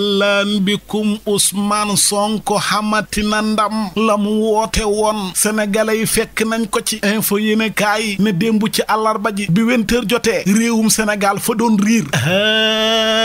lan bikum Ousmane Sonko xamati na ndam la woote woon sénégalais yi fekk nañ ko ci info yéene kaay ne démb ci àllarba ji bi wenteer jotee réewum senegal fa doon riir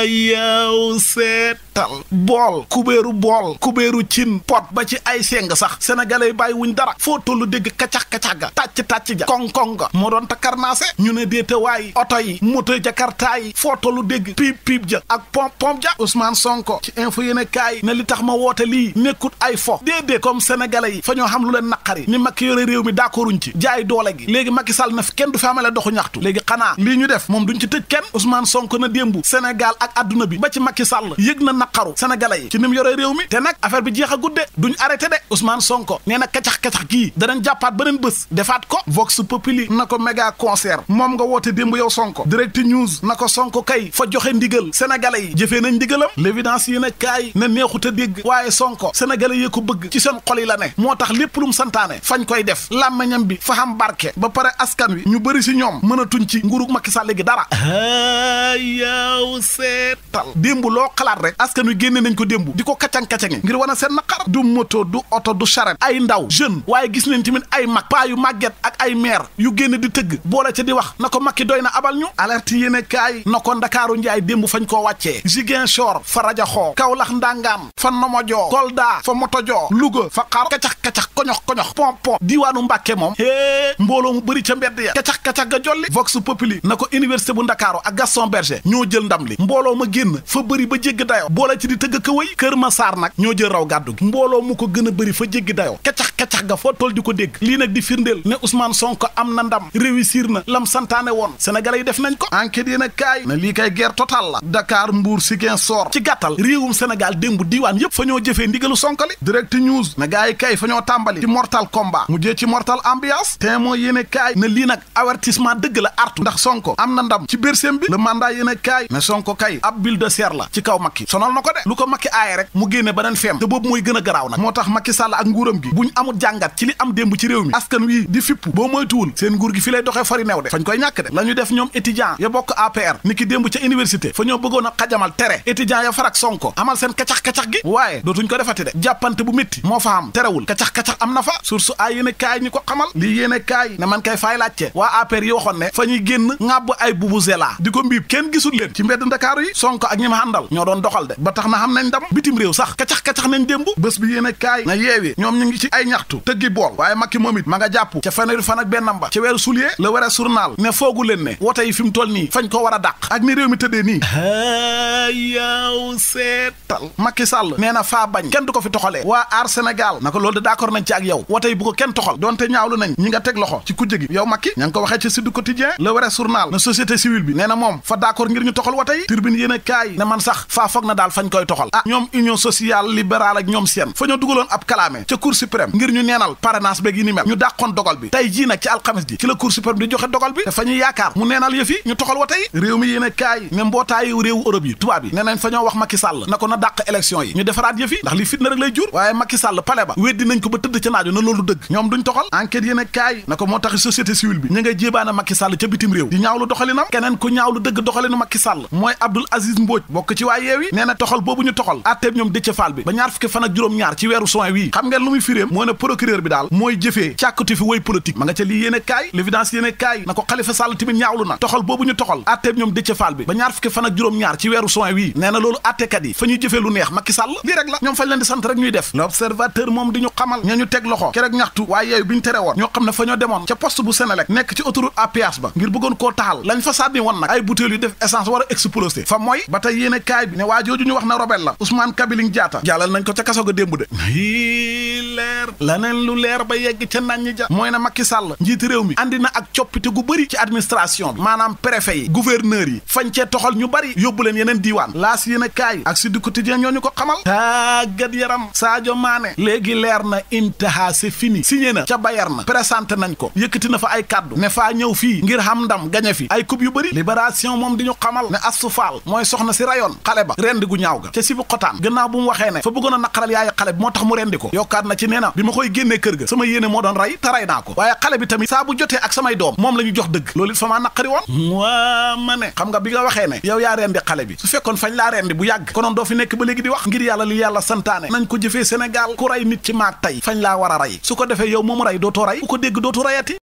yow seet fetal bool kubéeru bool kubéeru cin pot ba ci ay seng sax sénégalais yi bàyyi wuñ dara foo tollu dégg kacax-kacax ga tàcc-tàcc ja koŋ-koŋ moo doon takkar takarnaase ñu ne déetawaay oto yi moto jakartaa yi foo tollu dégg piip piip ja ak pomp pomp ja Ousmane Sonko ci info yéen kaay ne li tax ma woote lii nekkut ay fo déedéet comme sénégalais yi fa ñoo xam lu leen naqari ni Macky yore réew mi d'accorduñ ci jaay doole gi léegi Macky sal na fi kenn du fi amale doxu ñaxtu léegi xanaa lii ñu def moom duñ ci tëj kenn Ousmane Sonko na démbu Sénégal ak adduna bi ba ci Macky Sall yëg naqaru sénégalais yi ci ni mu yoree réew mi te nag affaire bi jeex a gudde duñ arrêté de Ousmane Sonko nee na kacax-kacax gii danañ jàppaat beneen bés defaat ko Vox Populi na ko méga concert moom nga woote démb yow Sonko Direct News na ko Sonko kay fa joxe ndigal sénégalais yi jëfee nañ ndigalam l'évidence yi ne kaay ne neexu te dégg waaye Sonko sénégalais yi ko bëgg ci seen xol yi la ne moo tax lépp lu mu santaane fañ koy def làmmeñam bi fa xam barke ba pare askan wi ñu bëri si ñoom mën ci nguurug Macky Sall gi dara ah, yow seetal loo xalaat rek askan wi génne nañ ko démb di ko kacang-kacange ngir wane seen naqar du moto du oto du charrette ay ndaw jeune waaye gis nañ tamit ay mag paa yu màgget ak ay maire yu génne di tëgg boole ca di wax na ko makki doy na abal ñu alerte yéene kaay na ko ndakaaru njaay démb fañ koo wàccee Ziguinchor fa rajaxoo Kaolack ndangaan fa nomojoo Kolda fa motojoo Louga fa xar kacax-kacax koñox koñox pomp pomp diiwaanu Mbàkke moom hee mbooloo mu bëri ca mbedd ya kacax-kacax ga jolli Vox Populi na ko université bu ndakaaru ak Gaston ñoo jël ndam li mbooloo ma génn fa bëri ba jégg dayo boole ci di tëgg ka wëy Kër Masaar nag ñoo jël raw gàddu gi mbooloo mu ko gën a bëri fa jéggi dayoo keccax keccax ga foo toll di ko dégg lii nag di firndeel ne Ousmane sonk am na ndam réussir na lam santaane woon sénégalais yi def nañ ko enquête yi nag kaay na lii kay guerre total la dakaar Dakar Mbour Ziguinchor ci gàttal réewum senegal démb diiwaan yépp fa ñoo jëfee ndigalu sonkali direct news na gaa yi kay fa ñoo tàmbali ci mortal combat mujjee ci mortal ambiance te moo yéene kaay lii nag avertissement dëgg la artu ndax Sonko am na ndam ci bérséem bi le mandat yéene kaay na Sonko kay ab bulldozer la ci kaw Macky sonal ko de lu ko Macky aaye rek mu génne beneen feem te boobu mooy gën a garaaw nag moo tax Macky Sall ak nguuram gi buñ amul jàngat ci li am démb ci réew mi askan wi di fipp boo moytuwul seen nguur gi fi lay doxee fari new de fañ koy ñàkk de la def ñoom étudiant ya bokk APR ni ki démb ca université fa ñoo a xajamal tere étudiant ya farak Sonko amal seen kacax-kacax gi waaye dootuñ ko defati de jàppante bu métti moo fa am terewul kacax-kacax am na fa source ay yéen kaay ñi ko xamal lii yéen kaay ne man kay faay laajte waa APR yi waxoon ne fa ñuy génn ay bubu zela di ko mbiib kenn gisul leen ci mbedd ndakaaru yi Sonko ñi ma àndal ñoo doon doxal de ba tax na xam nañ ndam bitim réew sax kacax-kacax nañ démb bés bi yéene kaay na yeewee ñoom ñu ngi ci ay ñaxtu tëggi bool waaye Macky moom ma nga jàpp ca fanweeri fan ak bennam ba ci weeru soulier la wara journal ne foogu leen ne wote yi fi mu toll nii fañ ko war a dàq ak ni réew mi tëddee nii yaw seetal Macky Sall nee na faa bañ kenn du ko fi toxalee waa aar Sénégal na ko loolu de d'accord nañ ci ak yow wote yi bu ko kenn toxal donte ñaawlu nañ ñi nga teg loxo ci kujje gi yow Macky ña ngi waxee ci Sud na société civile bi nee na moom fa d'accord ngir ñu toxal wote yi turbine yéene kaay sax faa foog na daal fañ koy toxal ah ñoom union sociale libérale ak ñoom seen fa dugaloon ab kalaame ca cour suprême ngir ñu neenal parrainage beeg yi ni mel ñu dàqoon dogal bi tey jii nag ci alxames ji ci la cour suprême di joxe dogal bi te fa yaakaar mu neenal yëf ñu toxal wa tey réew mi yéen a kaay ne mbootaayu réewu Europe yi tubaab yi ne nañ wax Macky Sall na ko na dàq élection yi ñu defaraat yëf ndax li fitna rek lay jur waaye Macky Sall pale ba toxal boobu ñu toxal atteeb ñoom Déthié Fall bi ba ñaar fukki fan ak juróom-ñaar ci weeru soin wii xam ngeen lu muy firéem moo ne bi daal mooy jëfee càkkatu fi woy politique ma nga lii yéene kaay l'évidence yéene kaay na ko Khalifa Sall tamit ñaawlu na toxal boobu ñu toxal atteeb ñoom Déthié Fall bi ba ñaar fukki fan ak juróom-ñaar ci weeru soin wii nee na loolu attekat yi fa ñuy jëfee lu neex Macky Sall lii rek la ñoom fa ñoo demoon ca poste bu ñu wax na robel ko ca kaso ga démb lu leer ba yegg ca nañ ja mooy na Macky Sall njiiti réew mi andi na ak coppite gu bëri ci administration bi maanaam préfet yi gouverneur yi fañ cee toxal ñu bëri yóbbu leen yeneen diiwaan laa yéen a kaay ak Sud Quotidien ñoo ñu ko xamal tàggat yaram saajo maane léegi leer na intaha c'est fini signé na ca Bayern na présenté nañ ko yëkkati na fa ay kàddu ne faa ñëw fii ngir xam ndam gañe fi ay coupe yu bëri libération moom di ñu xamal ne Astou Fall mooy soxna si rayoon xale ba rend gu ñaaw ga ca si bu xotaan gannaaw bu mu waxee ne fa bëggoon a naqaral yaayu xale bi moo tax mu rendi ko yokkaat na ci nee na bi ma koy génnee kër ga sama yéene moo doon rey te rey naa ko doom moom la ñu jox dëgg loolu it fa maa naqari woon waa ma ne xam nga bi nga waxee ne yow yaa rendi xale bi su fekkoon fañ laa rendi bu yàgg konoon doo fi nekk ba léegi di wax ngir yàlla li yàlla santaane nañ ko jëfee Sénégal ku rey nit ci maag tey fañ laa war a rey su ko defee yow moomu rey dootoo rey ku ko dégg dootoo reyati